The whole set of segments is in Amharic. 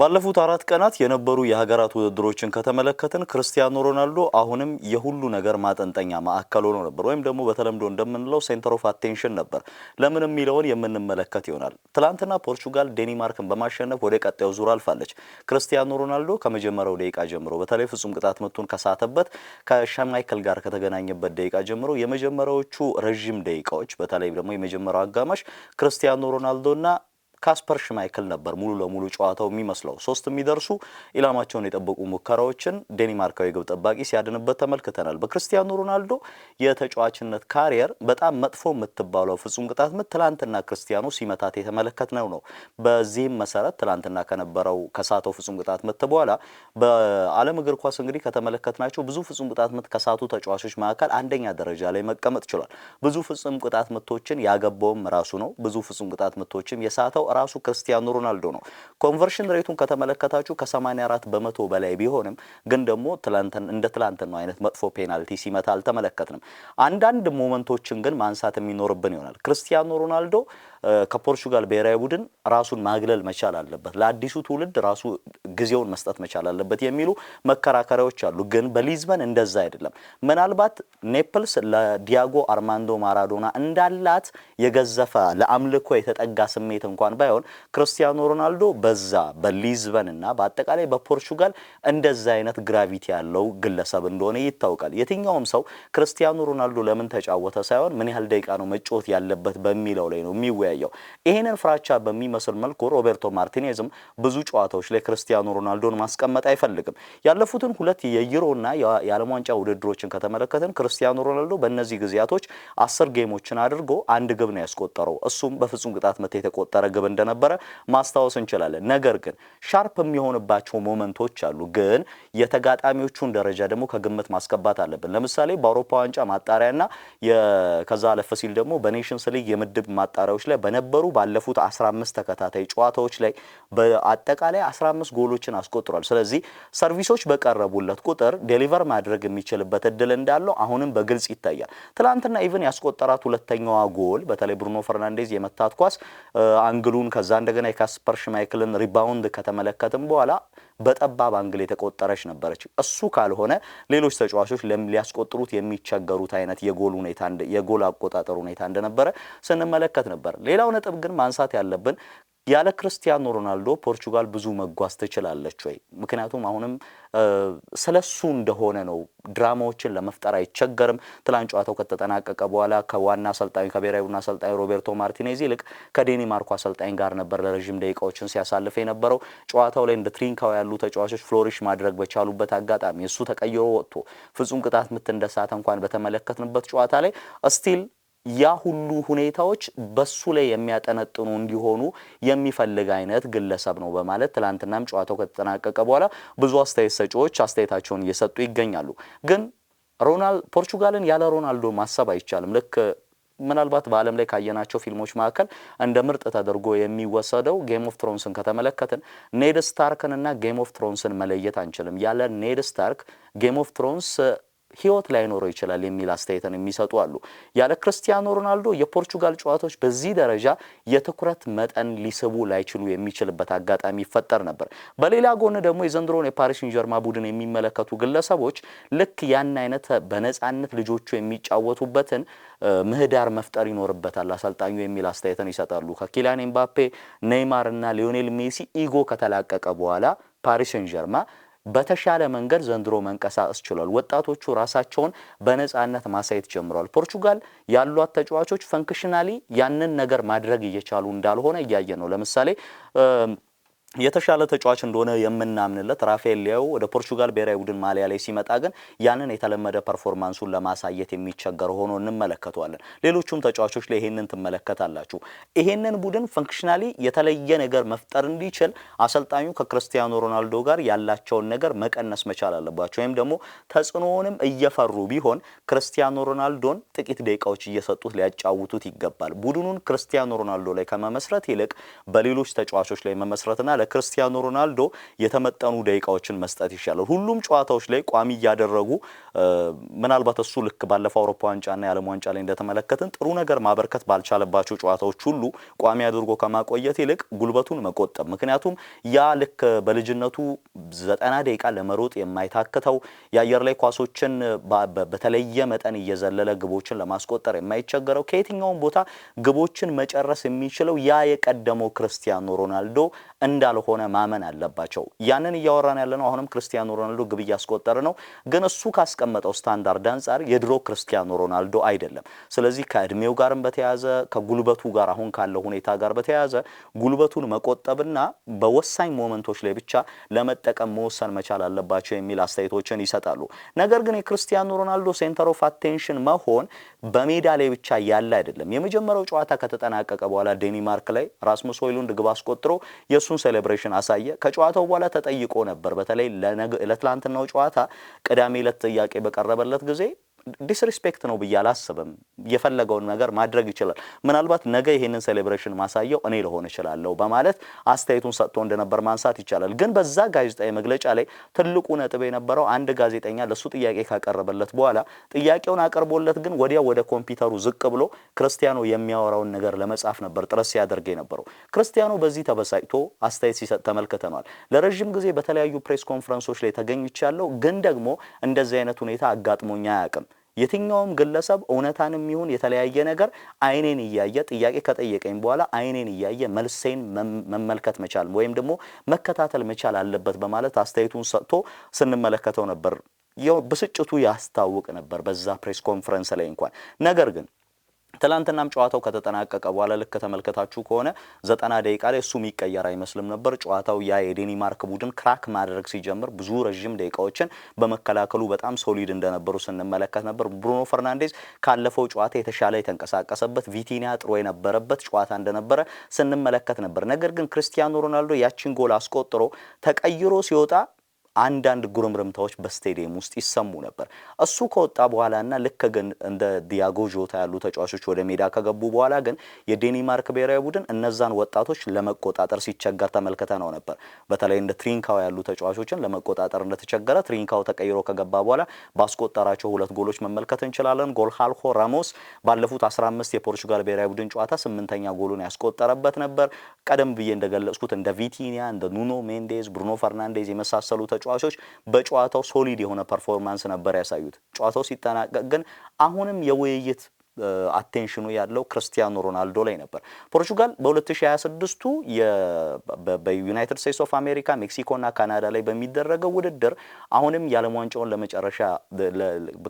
ባለፉት አራት ቀናት የነበሩ የሀገራት ውድድሮችን ከተመለከትን ክርስቲያኖ ሮናልዶ አሁንም የሁሉ ነገር ማጠንጠኛ ማዕከል ሆኖ ነበር፣ ወይም ደግሞ በተለምዶ እንደምንለው ሴንተር ኦፍ አቴንሽን ነበር። ለምን የሚለውን የምንመለከት ይሆናል። ትላንትና ፖርቹጋል ዴኒማርክን በማሸነፍ ወደ ቀጣዩ ዙር አልፋለች። ክርስቲያኖ ሮናልዶ ከመጀመሪያው ደቂቃ ጀምሮ በተለይ ፍጹም ቅጣት ምቱን ከሳተበት ከሻማይከል ጋር ከተገናኘበት ደቂቃ ጀምሮ የመጀመሪያዎቹ ረዥም ደቂቃዎች፣ በተለይ ደግሞ የመጀመሪያው አጋማሽ ክርስቲያኖ ሮናልዶና ካስፐር ሽማይክል ነበር ሙሉ ለሙሉ ጨዋታው የሚመስለው። ሶስት የሚደርሱ ኢላማቸውን የጠበቁ ሙከራዎችን ዴኒማርካዊ ግብ ጠባቂ ሲያድንበት ተመልክተናል። በክርስቲያኖ ሮናልዶ የተጫዋችነት ካሪየር በጣም መጥፎ የምትባለው ፍጹም ቅጣት ምት ትላንትና ክርስቲያኖ ሲመታት የተመለከትነው ነው። በዚህም መሰረት ትላንትና ከነበረው ከሳተው ፍጹም ቅጣት ምት በኋላ በዓለም እግር ኳስ እንግዲህ ከተመለከትናቸው ብዙ ፍጹም ቅጣት ምት ከሳቱ ተጫዋቾች መካከል አንደኛ ደረጃ ላይ መቀመጥ ችሏል። ብዙ ፍጹም ቅጣት ምቶችን ያገባውም ራሱ ነው። ብዙ ፍጹም ቅጣት ምቶችም የሳተው ራሱ ክርስቲያኖ ሮናልዶ ነው። ኮንቨርሽን ሬቱን ከተመለከታችሁ ከ84 በመቶ በላይ ቢሆንም ግን ደግሞ እንደ ትላንትን ነው አይነት መጥፎ ፔናልቲ ሲመታ አልተመለከትንም። አንዳንድ ሞመንቶችን ግን ማንሳት የሚኖርብን ይሆናል። ክርስቲያኖ ሮናልዶ ከፖርቹጋል ብሔራዊ ቡድን ራሱን ማግለል መቻል አለበት፣ ለአዲሱ ትውልድ ራሱ ጊዜውን መስጠት መቻል አለበት የሚሉ መከራከሪያዎች አሉ። ግን በሊዝበን እንደዛ አይደለም። ምናልባት ኔፕልስ ለዲያጎ አርማንዶ ማራዶና እንዳላት የገዘፈ ለአምልኮ የተጠጋ ስሜት እንኳን ባይሆን ክርስቲያኖ ሮናልዶ በዛ በሊዝበን እና በአጠቃላይ በፖርቹጋል እንደዛ አይነት ግራቪቲ ያለው ግለሰብ እንደሆነ ይታወቃል። የትኛውም ሰው ክርስቲያኖ ሮናልዶ ለምን ተጫወተ ሳይሆን ምን ያህል ደቂቃ ነው መጫወት ያለበት በሚለው ላይ ነው የሚወያ የሚለየው። ይህንን ፍራቻ በሚመስል መልኩ ሮቤርቶ ማርቲኔዝም ብዙ ጨዋታዎች ላይ ክርስቲያኖ ሮናልዶን ማስቀመጥ አይፈልግም። ያለፉትን ሁለት የዩሮና የዓለም ዋንጫ ውድድሮችን ከተመለከትን ክርስቲያኖ ሮናልዶ በእነዚህ ጊዜያቶች አስር ጌሞችን አድርጎ አንድ ግብ ነው ያስቆጠረው። እሱም በፍጹም ቅጣት ምት የተቆጠረ ግብ እንደነበረ ማስታወስ እንችላለን። ነገር ግን ሻርፕ የሚሆንባቸው ሞመንቶች አሉ። ግን የተጋጣሚዎቹን ደረጃ ደግሞ ከግምት ማስገባት አለብን። ለምሳሌ በአውሮፓ ዋንጫ ማጣሪያና ከዛ አለፍ ሲል ደግሞ በኔሽንስ ሊግ የምድብ ማጣሪያዎች ላይ በነበሩ ባለፉት 15 ተከታታይ ጨዋታዎች ላይ በአጠቃላይ 15 ጎሎችን አስቆጥሯል። ስለዚህ ሰርቪሶች በቀረቡለት ቁጥር ዴሊቨር ማድረግ የሚችልበት እድል እንዳለው አሁንም በግልጽ ይታያል። ትላንትና ኢቭን ያስቆጠራት ሁለተኛዋ ጎል በተለይ ብሩኖ ፈርናንዴዝ የመታት ኳስ አንግሉን ከዛ እንደገና የካስፐር ሽማይክልን ሪባውንድ ከተመለከትም በኋላ በጠባብ አንግል የተቆጠረች ነበረች። እሱ ካልሆነ ሌሎች ተጫዋቾች ሊያስቆጥሩት የሚቸገሩት አይነት የጎል ሁኔታ የጎል አቆጣጠር ሁኔታ እንደነበረ ስንመለከት ነበር። ሌላው ነጥብ ግን ማንሳት ያለብን ያለ ክርስቲያኖ ሮናልዶ ፖርቹጋል ብዙ መጓዝ ትችላለች ወይ? ምክንያቱም አሁንም ስለሱ እንደሆነ ነው። ድራማዎችን ለመፍጠር አይቸገርም። ትላንት ጨዋታው ከተጠናቀቀ በኋላ ከዋና አሰልጣኝ ከብሔራዊ ቡድን አሰልጣኝ ሮቤርቶ ማርቲኔዝ ይልቅ ከዴንማርኩ አሰልጣኝ ጋር ነበር ለረዥም ደቂቃዎችን ሲያሳልፍ የነበረው። ጨዋታው ላይ እንደ ትሪንካው ያሉ ተጫዋቾች ፍሎሪሽ ማድረግ በቻሉበት አጋጣሚ እሱ ተቀይሮ ወጥቶ ፍጹም ቅጣት ምት እንደሳተ እንኳን በተመለከትንበት ጨዋታ ላይ ስቲል ያ ሁሉ ሁኔታዎች በሱ ላይ የሚያጠነጥኑ እንዲሆኑ የሚፈልግ አይነት ግለሰብ ነው በማለት ትላንትናም ጨዋታው ከተጠናቀቀ በኋላ ብዙ አስተያየት ሰጪዎች አስተያየታቸውን እየሰጡ ይገኛሉ። ግን ሮናልድ ፖርቹጋልን ያለ ሮናልዶ ማሰብ አይቻልም። ልክ ምናልባት በዓለም ላይ ካየናቸው ፊልሞች መካከል እንደ ምርጥ ተደርጎ የሚወሰደው ጌም ኦፍ ትሮንስን ከተመለከትን ኔድ ስታርክንና ጌም ኦፍ ትሮንስን መለየት አንችልም። ያለ ኔድ ስታርክ ጌም ኦፍ ትሮንስ ህይወት ላይኖረው ይችላል የሚል አስተያየትን የሚሰጡ አሉ። ያለ ክርስቲያኖ ሮናልዶ የፖርቹጋል ጨዋታዎች በዚህ ደረጃ የትኩረት መጠን ሊስቡ ላይችሉ የሚችልበት አጋጣሚ ይፈጠር ነበር። በሌላ ጎን ደግሞ የዘንድሮን የፓሪስ ሴንጀርማ ቡድን የሚመለከቱ ግለሰቦች ልክ ያን አይነት በነጻነት ልጆቹ የሚጫወቱበትን ምህዳር መፍጠር ይኖርበታል አሰልጣኙ የሚል አስተያየትን ይሰጣሉ። ከኪሊያን ኤምባፔ፣ ኔይማር እና ሊዮኔል ሜሲ ኢጎ ከተላቀቀ በኋላ ፓሪስ ሴንጀርማ በተሻለ መንገድ ዘንድሮ መንቀሳቀስ ችሏል። ወጣቶቹ ራሳቸውን በነፃነት ማሳየት ጀምሯል። ፖርቹጋል ያሏት ተጫዋቾች ፈንክሽናሊ ያንን ነገር ማድረግ እየቻሉ እንዳልሆነ እያየ ነው። ለምሳሌ የተሻለ ተጫዋች እንደሆነ የምናምንለት ራፋኤል ሊያው ወደ ፖርቹጋል ብሔራዊ ቡድን ማሊያ ላይ ሲመጣ ግን ያንን የተለመደ ፐርፎርማንሱን ለማሳየት የሚቸገር ሆኖ እንመለከተዋለን። ሌሎቹም ተጫዋቾች ላይ ይሄንን ትመለከታላችሁ። ይሄንን ቡድን ፈንክሽናሊ የተለየ ነገር መፍጠር እንዲችል አሰልጣኙ ከክርስቲያኖ ሮናልዶ ጋር ያላቸውን ነገር መቀነስ መቻል አለባቸው። ወይም ደግሞ ተጽዕኖውንም እየፈሩ ቢሆን ክርስቲያኖ ሮናልዶን ጥቂት ደቂቃዎች እየሰጡት ሊያጫውቱት ይገባል። ቡድኑን ክርስቲያኖ ሮናልዶ ላይ ከመመስረት ይልቅ በሌሎች ተጫዋቾች ላይ መመስረትና ለክርስቲያኖ ሮናልዶ የተመጠኑ ደቂቃዎችን መስጠት ይሻላል። ሁሉም ጨዋታዎች ላይ ቋሚ እያደረጉ ምናልባት እሱ ልክ ባለፈው አውሮፓ ዋንጫና የዓለም ዋንጫ ላይ እንደተመለከትን ጥሩ ነገር ማበርከት ባልቻለባቸው ጨዋታዎች ሁሉ ቋሚ አድርጎ ከማቆየት ይልቅ ጉልበቱን መቆጠብ ምክንያቱም ያ ልክ በልጅነቱ ዘጠና ደቂቃ ለመሮጥ የማይታክተው የአየር ላይ ኳሶችን በተለየ መጠን እየዘለለ ግቦችን ለማስቆጠር የማይቸገረው ከየትኛውም ቦታ ግቦችን መጨረስ የሚችለው ያ የቀደመው ክርስቲያኖ ሮናልዶ እንዳ? እንዳልሆነ ማመን አለባቸው። ያንን እያወራን ያለ ነው። አሁንም ክርስቲያኖ ሮናልዶ ግብ እያስቆጠረ ነው፣ ግን እሱ ካስቀመጠው ስታንዳርድ አንጻር የድሮ ክርስቲያኖ ሮናልዶ አይደለም። ስለዚህ ከእድሜው ጋርም በተያያዘ ከጉልበቱ ጋር አሁን ካለው ሁኔታ ጋር በተያያዘ ጉልበቱን መቆጠብና በወሳኝ ሞመንቶች ላይ ብቻ ለመጠቀም መወሰን መቻል አለባቸው የሚል አስተያየቶችን ይሰጣሉ። ነገር ግን የክርስቲያኖ ሮናልዶ ሴንተር ኦፍ አቴንሽን መሆን በሜዳ ላይ ብቻ ያለ አይደለም። የመጀመሪያው ጨዋታ ከተጠናቀቀ በኋላ ዴኒማርክ ላይ ራስሙስ ሆይሉንድ ግብ አስቆጥሮ የእሱን ሴሌብሬሽን አሳየ። ከጨዋታው በኋላ ተጠይቆ ነበር። በተለይ ለትላንትናው ጨዋታ ቅዳሜ ዕለት ጥያቄ በቀረበለት ጊዜ ዲስሪስፔክት ነው ብዬ አላስብም። የፈለገውን ነገር ማድረግ ይችላል። ምናልባት ነገ ይሄንን ሴሌብሬሽን ማሳየው እኔ ልሆን እችላለሁ በማለት አስተያየቱን ሰጥቶ እንደነበር ማንሳት ይቻላል። ግን በዛ ጋዜጣዊ መግለጫ ላይ ትልቁ ነጥብ የነበረው አንድ ጋዜጠኛ ለሱ ጥያቄ ካቀረበለት በኋላ ጥያቄውን አቅርቦለት ግን ወዲያው ወደ ኮምፒውተሩ ዝቅ ብሎ ክርስቲያኖ የሚያወራውን ነገር ለመጻፍ ነበር ጥረት ሲያደርግ የነበረው። ክርስቲያኖ በዚህ ተበሳጭቶ አስተያየት ሲሰጥ ተመልክተናል። ለረዥም ጊዜ በተለያዩ ፕሬስ ኮንፈረንሶች ላይ ተገኝቻለሁ፣ ግን ደግሞ እንደዚህ አይነት ሁኔታ አጋጥሞኛ አያውቅም። የትኛውም ግለሰብ እውነታንም ይሁን የተለያየ ነገር አይኔን እያየ ጥያቄ ከጠየቀኝ በኋላ አይኔን እያየ መልሴን መመልከት መቻል ወይም ደግሞ መከታተል መቻል አለበት በማለት አስተያየቱን ሰጥቶ ስንመለከተው ነበር። ብስጭቱ ያስታውቅ ነበር በዛ ፕሬስ ኮንፈረንስ ላይ እንኳን ነገር ግን ትላንትናም ጨዋታው ከተጠናቀቀ በኋላ ልክ ተመልከታችሁ ከሆነ ዘጠና ደቂቃ ላይ እሱ የሚቀየር አይመስልም ነበር። ጨዋታው ያ የዴኒማርክ ቡድን ክራክ ማድረግ ሲጀምር ብዙ ረዥም ደቂቃዎችን በመከላከሉ በጣም ሶሊድ እንደነበሩ ስንመለከት ነበር። ብሩኖ ፈርናንዴዝ ካለፈው ጨዋታ የተሻለ የተንቀሳቀሰበት፣ ቪቲኒያ ጥሩ የነበረበት ጨዋታ እንደነበረ ስንመለከት ነበር። ነገር ግን ክርስቲያኖ ሮናልዶ ያቺን ጎል አስቆጥሮ ተቀይሮ ሲወጣ አንዳንድ ጉርምርምታዎች በስቴዲየም ውስጥ ይሰሙ ነበር። እሱ ከወጣ በኋላና ልክ ግን እንደ ዲያጎ ጆታ ያሉ ተጫዋቾች ወደ ሜዳ ከገቡ በኋላ ግን የዴኒማርክ ብሔራዊ ቡድን እነዛን ወጣቶች ለመቆጣጠር ሲቸገር ተመልክተ ነው ነበር። በተለይ እንደ ትሪንካው ያሉ ተጫዋቾችን ለመቆጣጠር እንደተቸገረ ትሪንካው ተቀይሮ ከገባ በኋላ ባስቆጠራቸው ሁለት ጎሎች መመልከት እንችላለን። ጎልሃልሆ ራሞስ ባለፉት 15 የፖርቹጋል ብሔራዊ ቡድን ጨዋታ ስምንተኛ ጎሉን ያስቆጠረበት ነበር። ቀደም ብዬ እንደገለጽኩት እንደ ቪቲኒያ እንደ ኑኖ ሜንዴዝ፣ ብሩኖ ፈርናንዴዝ የመሳሰሉ ተጫዋቾች በጨዋታው ሶሊድ የሆነ ፐርፎርማንስ ነበር ያሳዩት። ጨዋታው ሲጠናቀቅ ግን አሁንም የውይይት አቴንሽኑ ያለው ክርስቲያኖ ሮናልዶ ላይ ነበር። ፖርቹጋል በ2026ቱ በዩናይትድ ስቴትስ ኦፍ አሜሪካ፣ ሜክሲኮና ካናዳ ላይ በሚደረገው ውድድር አሁንም የዓለም ዋንጫውን ለመጨረሻ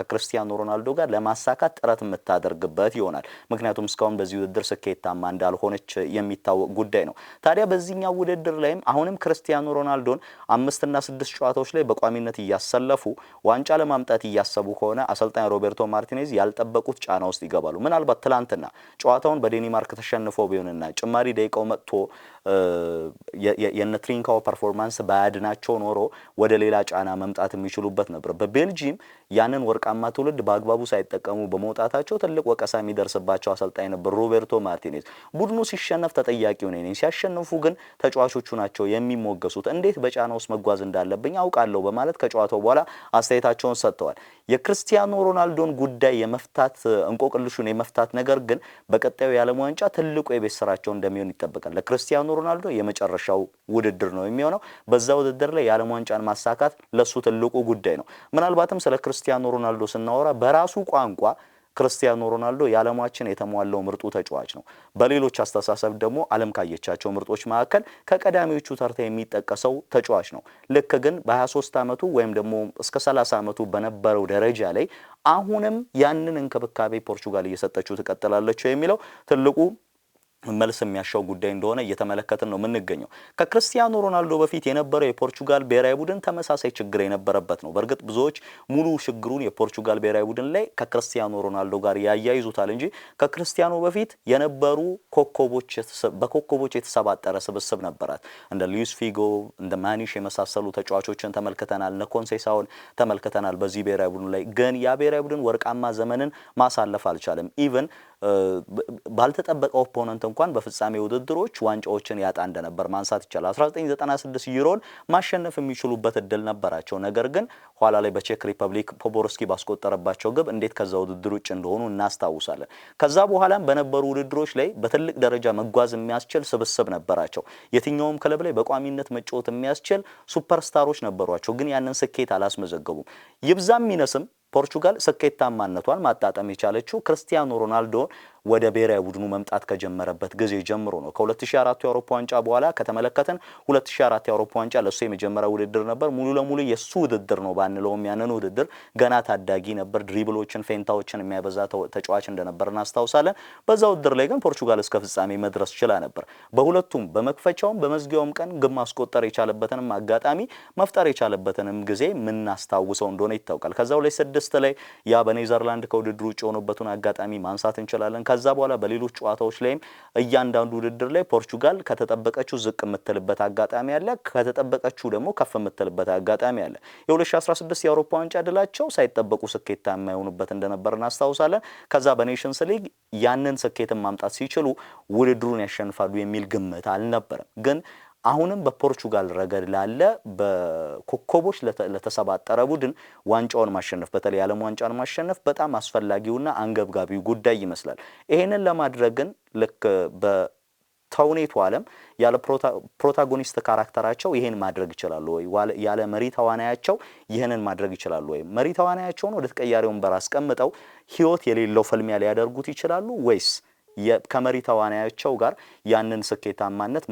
ከክርስቲያኖ ሮናልዶ ጋር ለማሳካት ጥረት የምታደርግበት ይሆናል። ምክንያቱም እስካሁን በዚህ ውድድር ስኬታማ እንዳልሆነች የሚታወቅ ጉዳይ ነው። ታዲያ በዚህኛው ውድድር ላይም አሁንም ክርስቲያኖ ሮናልዶን አምስትና ስድስት ጨዋታዎች ላይ በቋሚነት እያሰለፉ ዋንጫ ለማምጣት እያሰቡ ከሆነ አሰልጣኝ ሮቤርቶ ማርቲኔዝ ያልጠበቁት ጫና ውስጥ ይገባሉ። ምናልባት ትላንትና ጨዋታውን በዴኒማርክ ተሸንፎ ቢሆንና ጭማሪ ደቂቃው መጥቶ የነ ትሪንካው ፐርፎርማንስ ባያድናቸው ኖሮ ወደ ሌላ ጫና መምጣት የሚችሉበት ነበር። በቤልጂም ያንን ወርቃማ ትውልድ በአግባቡ ሳይጠቀሙ በመውጣታቸው ትልቅ ወቀሳ የሚደርስባቸው አሰልጣኝ ነበር ሮቤርቶ ማርቲኔዝ። ቡድኑ ሲሸነፍ ተጠያቂው ነኝ፣ ሲያሸንፉ ግን ተጫዋቾቹ ናቸው የሚሞገሱት። እንዴት በጫና ውስጥ መጓዝ እንዳለብኝ አውቃለሁ በማለት ከጨዋታው በኋላ አስተያየታቸውን ሰጥተዋል። የክርስቲያኖ ሮናልዶን ጉዳይ የመፍታት እንቆቅ እንቆቅልሹን የመፍታት ነገር ግን በቀጣዩ የዓለም ዋንጫ ትልቁ የቤት ስራቸው እንደሚሆን ይጠበቃል። ለክርስቲያኖ ሮናልዶ የመጨረሻው ውድድር ነው የሚሆነው። በዛ ውድድር ላይ የዓለም ዋንጫን ማሳካት ለሱ ትልቁ ጉዳይ ነው። ምናልባትም ስለ ክርስቲያኖ ሮናልዶ ስናወራ በራሱ ቋንቋ ክርስቲያኖ ሮናልዶ የዓለማችን የተሟላው ምርጡ ተጫዋች ነው። በሌሎች አስተሳሰብ ደግሞ ዓለም ካየቻቸው ምርጦች መካከል ከቀዳሚዎቹ ተርታ የሚጠቀሰው ተጫዋች ነው። ልክ ግን በ23 ዓመቱ ወይም ደግሞ እስከ 30 ዓመቱ በነበረው ደረጃ ላይ አሁንም ያንን እንክብካቤ ፖርቹጋል እየሰጠችው ትቀጥላለች የሚለው ትልቁ መልስ የሚያሻው ጉዳይ እንደሆነ እየተመለከትን ነው የምንገኘው። ከክርስቲያኖ ሮናልዶ በፊት የነበረው የፖርቹጋል ብሔራዊ ቡድን ተመሳሳይ ችግር የነበረበት ነው። በእርግጥ ብዙዎች ሙሉ ችግሩን የፖርቹጋል ብሔራዊ ቡድን ላይ ከክርስቲያኖ ሮናልዶ ጋር ያያይዙታል እንጂ ከክርስቲያኖ በፊት የነበሩ ኮከቦች በኮከቦች የተሰባጠረ ስብስብ ነበራት። እንደ ሉዊስ ፊጎ፣ እንደ ማኒሽ የመሳሰሉ ተጫዋቾችን ተመልክተናል። እነ ኮንሴሳውን ተመልክተናል። በዚህ ብሔራዊ ቡድን ላይ ግን ያ ብሔራዊ ቡድን ወርቃማ ዘመንን ማሳለፍ አልቻለም። ኢቨን ባልተጠበቀ ኦፖነንት እንኳን በፍጻሜ ውድድሮች ዋንጫዎችን ያጣ እንደነበር ማንሳት ይቻላል። 1996 ዩሮን ማሸነፍ የሚችሉበት እድል ነበራቸው። ነገር ግን ኋላ ላይ በቼክ ሪፐብሊክ ፖቦርስኪ ባስቆጠረባቸው ግብ እንዴት ከዛ ውድድር ውጭ እንደሆኑ እናስታውሳለን። ከዛ በኋላም በነበሩ ውድድሮች ላይ በትልቅ ደረጃ መጓዝ የሚያስችል ስብስብ ነበራቸው። የትኛውም ክለብ ላይ በቋሚነት መጫወት የሚያስችል ሱፐርስታሮች ነበሯቸው። ግን ያንን ስኬት አላስመዘገቡም። ይብዛም ይነስም ፖርቹጋል ስኬታማነቷን ማጣጠም የቻለችው ክርስቲያኖ ሮናልዶን ወደ ብሔራዊ ቡድኑ መምጣት ከጀመረበት ጊዜ ጀምሮ ነው። ከ2004 የአውሮፓ ዋንጫ በኋላ ከተመለከተን 2004 የአውሮፓ ዋንጫ ለእሱ የመጀመሪያ ውድድር ነበር። ሙሉ ለሙሉ የእሱ ውድድር ነው ባንለውም ያንን ውድድር ገና ታዳጊ ነበር። ድሪብሎችን፣ ፌንታዎችን የሚያበዛ ተጫዋች እንደነበር እናስታውሳለን። በዛ ውድድር ላይ ግን ፖርቹጋል እስከ ፍጻሜ መድረስ ችላ ነበር። በሁለቱም በመክፈቻውም በመዝጊያውም ቀን ግን ማስቆጠር የቻለበትንም አጋጣሚ መፍጠር የቻለበትንም ጊዜ የምናስታውሰው እንደሆነ ይታወቃል። ከዛው ላይ ስድስት ላይ ያ በኔዘርላንድ ከውድድሩ ውጭ የሆኑበትን አጋጣሚ ማንሳት እንችላለን። ከዛ በኋላ በሌሎች ጨዋታዎች ላይም እያንዳንዱ ውድድር ላይ ፖርቹጋል ከተጠበቀችው ዝቅ የምትልበት አጋጣሚ አለ፣ ከተጠበቀችው ደግሞ ከፍ የምትልበት አጋጣሚ አለ። የ2016 የአውሮፓ ዋንጫ ድላቸው ሳይጠበቁ ስኬታ የማይሆኑበት እንደነበር እናስታውሳለን። ከዛ በኔሽንስ ሊግ ያንን ስኬትን ማምጣት ሲችሉ ውድድሩን ያሸንፋሉ የሚል ግምት አልነበረም ግን አሁንም በፖርቹጋል ረገድ ላለ በኮከቦች ለተሰባጠረ ቡድን ዋንጫውን ማሸነፍ በተለይ ዓለም ዋንጫን ማሸነፍ በጣም አስፈላጊውና አንገብጋቢው ጉዳይ ይመስላል። ይሄንን ለማድረግ ግን ልክ በተውኔቱ ዓለም ያለ ፕሮታጎኒስት ካራክተራቸው ይሄን ማድረግ ይችላሉ ወይ? ያለ መሪ ተዋናያቸው ይህንን ማድረግ ይችላሉ ወይ? መሪ ተዋናያቸውን ወደ ተቀያሪ ወንበር አስቀምጠው ህይወት የሌለው ፍልሚያ ሊያደርጉት ይችላሉ ወይስ ከመሪ ተዋናያቸው ጋር ያንን ስኬታማነት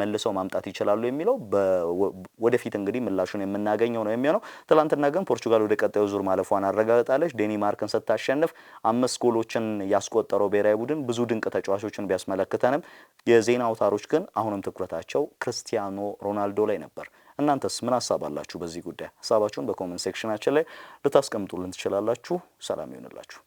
መልሰው ማምጣት ይችላሉ የሚለው ወደፊት እንግዲህ ምላሹን የምናገኘው ነው የሚሆነው። ትላንትና ግን ፖርቹጋል ወደ ቀጣዩ ዙር ማለፏን አረጋግጣለች። ዴኒማርክን ስታሸንፍ አምስት ጎሎችን ያስቆጠረው ብሔራዊ ቡድን ብዙ ድንቅ ተጫዋቾችን ቢያስመለክተንም የዜና አውታሮች ግን አሁንም ትኩረታቸው ክርስቲያኖ ሮናልዶ ላይ ነበር። እናንተስ ምን ሀሳብ አላችሁ በዚህ ጉዳይ? ሀሳባችሁን በኮመንት ሴክሽናችን ላይ ልታስቀምጡልን ትችላላችሁ። ሰላም ይሆንላችሁ።